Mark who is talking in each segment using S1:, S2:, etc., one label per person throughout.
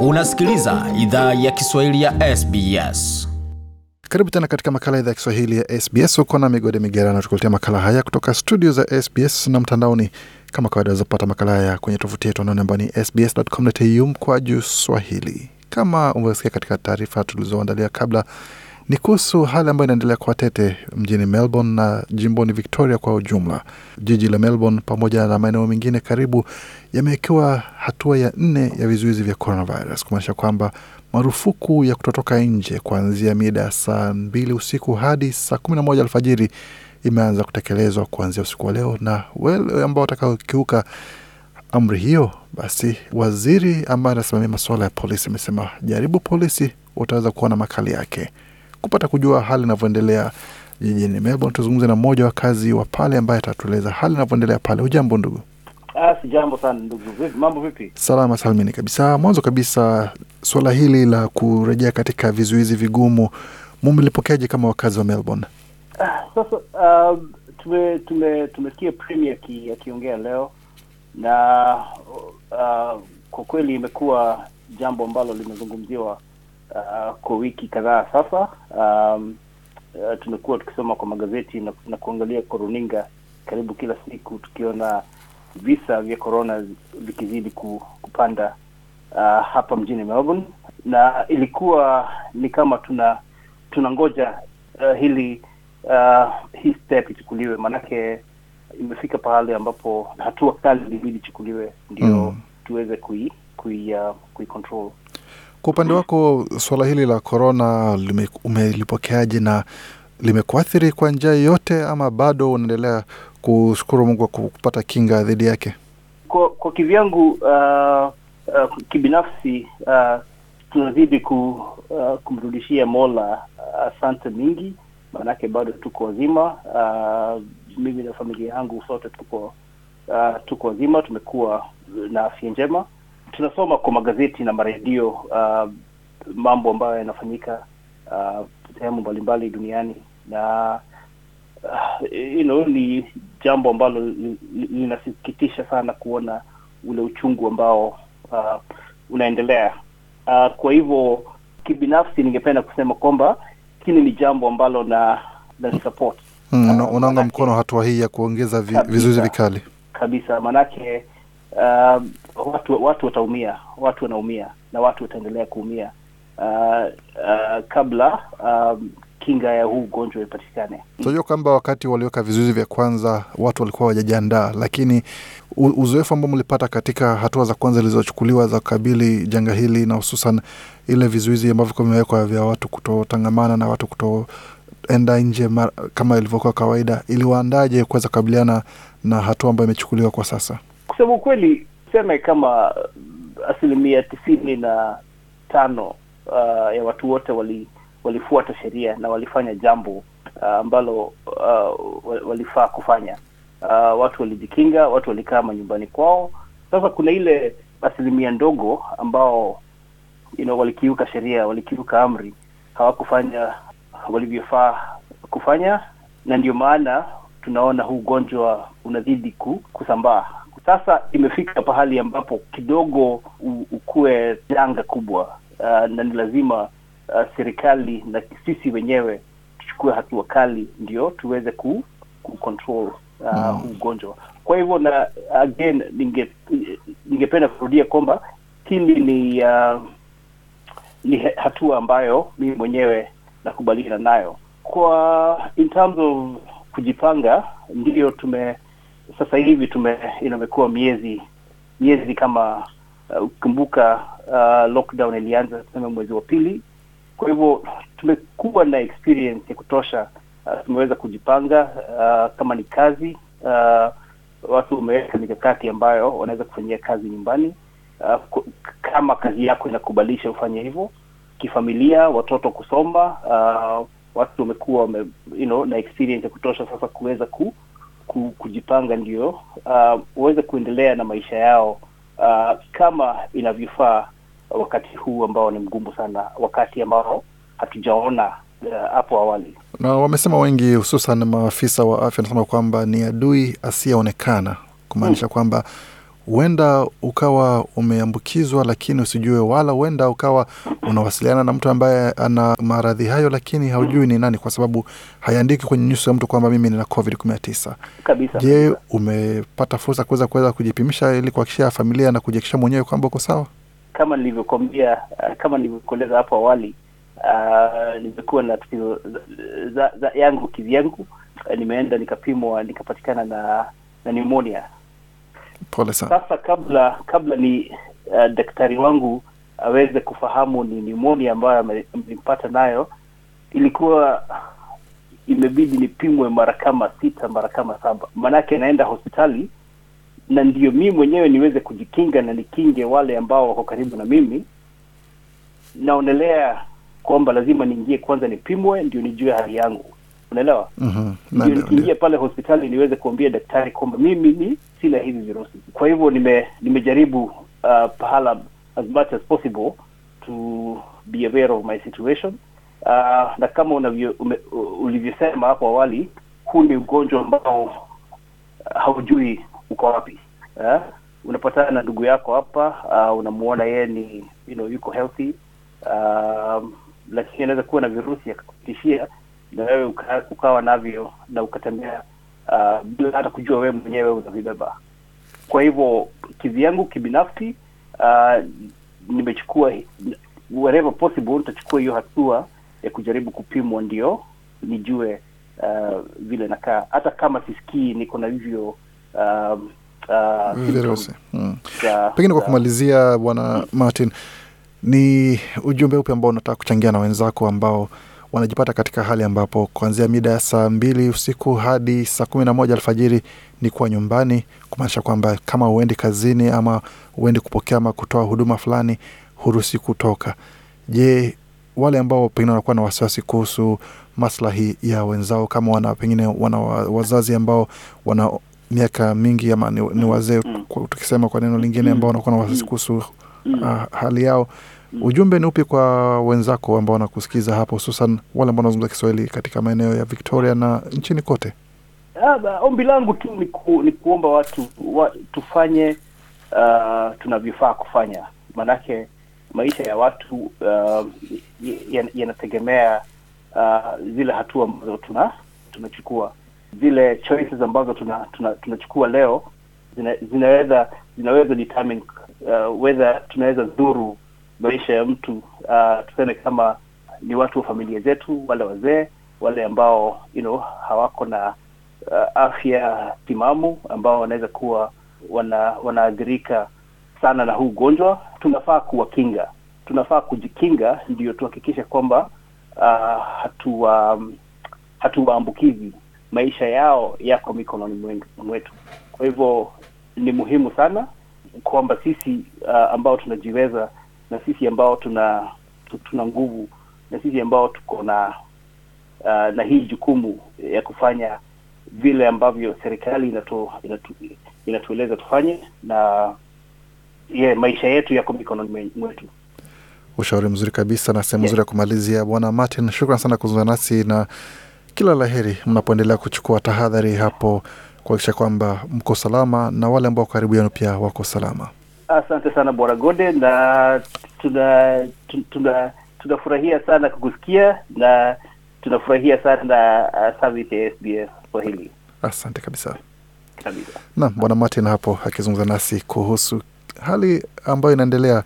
S1: Unasikiliza idhaa ya Kiswahili ya SBS.
S2: Karibu tena katika makala idhaa ya Kiswahili ya SBS. Uko na Migode Migerano tukuletea makala haya kutoka studio za SBS na mtandaoni. Kama kawaida, zapata makala haya kwenye tovuti yetu anaone ambao ni sbs.com.au kwa juu swahili. Kama unavyosikia katika taarifa tulizoandalia kabla ni kuhusu hali ambayo inaendelea kwa tete mjini Melbourne na jimboni Victoria kwa ujumla. Jiji la Melbourne pamoja na maeneo mengine karibu yamewekewa hatua ya nne ya vizuizi vya coronavirus, kumaanisha kwamba marufuku ya kutotoka nje kuanzia mida ya saa mbili usiku hadi saa kumi na moja alfajiri imeanza kutekelezwa kuanzia usiku wa leo, na wale ambao watakaokiuka amri hiyo, basi waziri ambaye anasimamia masuala ya polisi amesema jaribu polisi, utaweza kuona makali yake kupata kujua hali inavyoendelea jijini Melbourne. Tuzungumze na mmoja wa kazi wa pale ambaye atatueleza hali inavyoendelea pale. Hujambo ndugu?
S1: Ah, jambo sana ndugu, vipi mambo? Vipi?
S2: Salama salmini kabisa. Mwanzo kabisa, suala hili la kurejea katika vizuizi vigumu mumelipokeaje kama wakazi wa Melbourne?
S1: Ah, sasa uh, tume- tume- tumesikia premier akiongea leo na uh, kwa kweli imekuwa jambo ambalo limezungumziwa uh, kwa wiki kadhaa sasa um, uh, tumekuwa tukisoma kwa magazeti na, na kuangalia kwa runinga karibu kila siku tukiona visa vya korona vikizidi kupanda uh, hapa mjini Melbourne, na ilikuwa ni kama tuna tunangoja uh, hili uh, hii step ichukuliwe, maanake imefika pahali ambapo hatua kali ilibidi ichukuliwe ndio mm, tuweze kui, kui, uh, kui control
S2: kwa upande wako suala hili la korona umelipokeaje na limekuathiri kwa njia yoyote, ama bado unaendelea kushukuru Mungu wa kupata kinga dhidi yake?
S1: Kwa, kwa kivyangu uh, uh, kibinafsi uh, tunazidi ku, uh, kumrudishia Mola uh, asante uh, mingi, maanake bado tuko wazima uh, mimi na familia yangu sote tuko uh, tuko wazima, tumekuwa na afya njema tunasoma kwa magazeti na maredio uh, mambo ambayo yanafanyika uh, sehemu mbalimbali duniani na uh, you know, ni jambo ambalo linasikitisha sana kuona ule uchungu ambao uh, unaendelea uh, kwa hivyo kibinafsi ningependa kusema kwamba hili ni jambo ambalo na, na support
S2: hmm, unaunga uh, mkono hatua hii ya kuongeza vizuizi vikali
S1: kabisa manake Um, watu watu wataumia, watu wanaumia na watu wataendelea kuumia uh, uh, kabla um, kinga ya huu ugonjwa ipatikane.
S2: Tunajua kwamba wakati waliweka vizuizi vya kwanza watu walikuwa wajajiandaa lakini uzoefu ambao mlipata katika hatua za kwanza zilizochukuliwa za kukabili janga hili na hususan ile vizuizi ambavyo vimewekwa vya watu kutotangamana na watu kutoenda nje kama ilivyokuwa kawaida, iliwaandaje kuweza kukabiliana na hatua ambayo imechukuliwa kwa sasa?
S1: Kusema ukweli, tuseme kama uh, asilimia tisini na tano uh, ya watu wote wali, walifuata sheria na walifanya jambo uh, ambalo uh, uh, walifaa kufanya. Uh, watu walijikinga, watu walikaa manyumbani kwao. Sasa kuna ile asilimia ndogo ambao you know, walikiuka sheria, walikiuka amri, hawakufanya walivyofaa kufanya, na ndio maana tunaona huu ugonjwa unazidi kusambaa sasa imefika pahali ambapo kidogo ukuwe janga kubwa, uh, na ni lazima uh, serikali na sisi wenyewe tuchukue hatua kali, ndio tuweze ku, ku control uh, ah, no. ugonjwa. Kwa hivyo na again, ninge ningependa kurudia kwamba hili ni uh, ni hatua ambayo mimi mwenyewe nakubaliana nayo kwa in terms of kujipanga, ndiyo tume sasa hivi tume imekuwa miezi miezi kama uh, ukikumbuka, kumbuka uh, lockdown ilianza tuseme mwezi wa pili. Kwa hivyo tumekuwa na experience ya kutosha uh, tumeweza kujipanga uh, kama ni kazi uh, watu wameweka mikakati ambayo wanaweza kufanyia kazi nyumbani uh, kama kazi yako inakubalisha ufanye hivyo. Kifamilia, watoto kusoma, uh, watu wamekuwa wame, you know, na experience ya kutosha sasa kuweza ku kujipanga ndio uh, waweze kuendelea na maisha yao uh, kama inavyofaa wakati huu ambao ni mgumu sana, wakati ambao hatujaona uh, hapo uh, awali.
S2: Na wamesema wengi, hususan maafisa wa afya, wanasema kwamba ni adui asiyeonekana, kumaanisha hmm. kwamba huenda ukawa umeambukizwa lakini usijue, wala huenda ukawa unawasiliana na mtu ambaye ana maradhi hayo lakini haujui ni nani, kwa sababu haiandiki kwenye nyuso ya mtu kwamba mimi nina covid 19
S1: kabisa. Je,
S2: umepata fursa kuweza kuweza kujipimisha ili kuhakikisha familia na kujiakisha mwenyewe kwamba uko sawa?
S1: Kama nilivyokuambia kama nilivyokueleza hapo awali, uh, ah, nimekuwa na tatizo za, za yangu kivyangu, nimeenda nikapimwa nikapatikana na na pneumonia
S2: Pole sana. Sasa
S1: kabla kabla ni uh, daktari wangu aweze kufahamu ni nimoni ambayo amepata nayo, ilikuwa imebidi nipimwe mara kama sita mara kama saba, maanake naenda hospitali na ndio mii mwenyewe niweze kujikinga na nikinge wale ambao wako karibu na mimi. Naonelea kwamba lazima niingie kwanza nipimwe ndio nijue hali yangu, unaelewa?
S2: mm -hmm. Ndio nikiingia
S1: pale hospitali niweze kuambia daktari kwamba mimi ni sina hizi virusi. Kwa hivyo nime, nimejaribu uh, pahala as much as possible to be aware of my situation uh, na kama ulivyosema hapo awali, huu ni ugonjwa ambao haujui uko wapi uh, Unapatana na ndugu yako hapa uh, unamuona yeye ni you know, yuko healthy uh, lakini anaweza kuwa na virusi akakutishia na wewe ukawa navyo na ukatembea Uh, bila hata kujua wewe mwenyewe utavibeba. Kwa hivyo kivyangu kibinafsi, uh, nimechukua wherever possible, nitachukua hiyo hatua ya kujaribu kupimwa ndio nijue uh, vile nakaa, hata kama sisikii niko na hivyo um,
S2: uh, uh, hmm. Pengine kwa kumalizia, Bwana Martin, ni ujumbe upi ambao unataka kuchangia na wenzako ambao wanajipata katika hali ambapo kuanzia mida ya saa mbili usiku hadi saa kumi na moja alfajiri ni kuwa nyumbani, kumaanisha kwamba kama huendi kazini ama huendi kupokea ama kutoa huduma fulani, huruhusi kutoka. Je, wale ambao pengine wanakuwa na wasiwasi kuhusu maslahi ya wenzao, kama wana pengine wana wazazi ambao wana miaka mingi ama ni, ni wazee, mm. tukisema kwa neno lingine, mm. ambao wanakuwa na wasiwasi mm. kuhusu uh, hali yao Mm. Ujumbe ni upi kwa wenzako ambao wanakusikiza hapo, hususan wale ambao wanazungumza Kiswahili katika maeneo ya Victoria na nchini kote?
S1: Aba, ombi langu tu ni, ku, ni kuomba watu wa, tufanye uh, tunavyofaa kufanya, maanake maisha ya watu uh, yanategemea uh, zile hatua ambazo tuna tunachukua zile choices ambazo tuna, tuna, tunachukua leo zina, zinaweza zinaweza determine uh, whether tunaweza dhuru maisha ya mtu uh, tuseme kama ni watu wa familia zetu, wale wazee, wale ambao you know, hawako na uh, afya timamu, ambao wanaweza kuwa wana, wanaathirika sana na huu ugonjwa. Tunafaa kuwakinga, tunafaa kujikinga, ndio tuhakikishe kwamba uh, ah, hatuwaambukizi um, hatuwaambukizi, maisha yao yako mikononi mwetu. Kwa hivyo ni muhimu sana kwamba sisi uh, ambao tunajiweza na sisi ambao tuna tuna nguvu na sisi ambao tuko na uh, na hii jukumu ya kufanya vile ambavyo serikali inatu, inatu, inatueleza tufanye na yeah, maisha yetu yako mikononi mwetu.
S2: Ushauri mzuri kabisa na sehemu yeah, ya kumalizia. Bwana Martin, shukran sana kuzungumza nasi na kila laheri mnapoendelea kuchukua tahadhari hapo kuhakikisha kwamba mko salama na wale ambao karibu yenu pia wako salama.
S1: Asante sana Bwana Gode, na tuna tuna tunafurahia sana kukusikia na tunafurahia sana uh, ya SBS Swahili.
S2: Asante kabisa kabisa. Naam, Bwana Martin hapo akizungumza nasi kuhusu hali ambayo inaendelea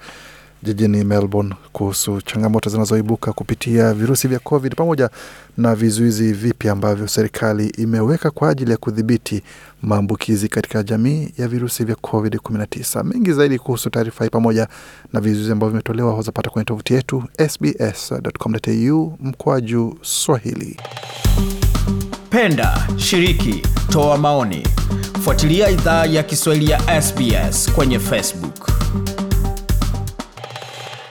S2: jijini Melbourne kuhusu changamoto zinazoibuka kupitia virusi vya COVID pamoja na vizuizi vipya ambavyo serikali imeweka kwa ajili ya kudhibiti maambukizi katika jamii ya virusi vya COVID-19. Mengi zaidi kuhusu taarifa hii pamoja na vizuizi ambavyo vimetolewa wazapata kwenye tovuti yetu sbs.com.au mkwaju Swahili.
S1: Penda, shiriki, toa maoni, fuatilia idhaa ya Kiswahili ya SBS kwenye Facebook.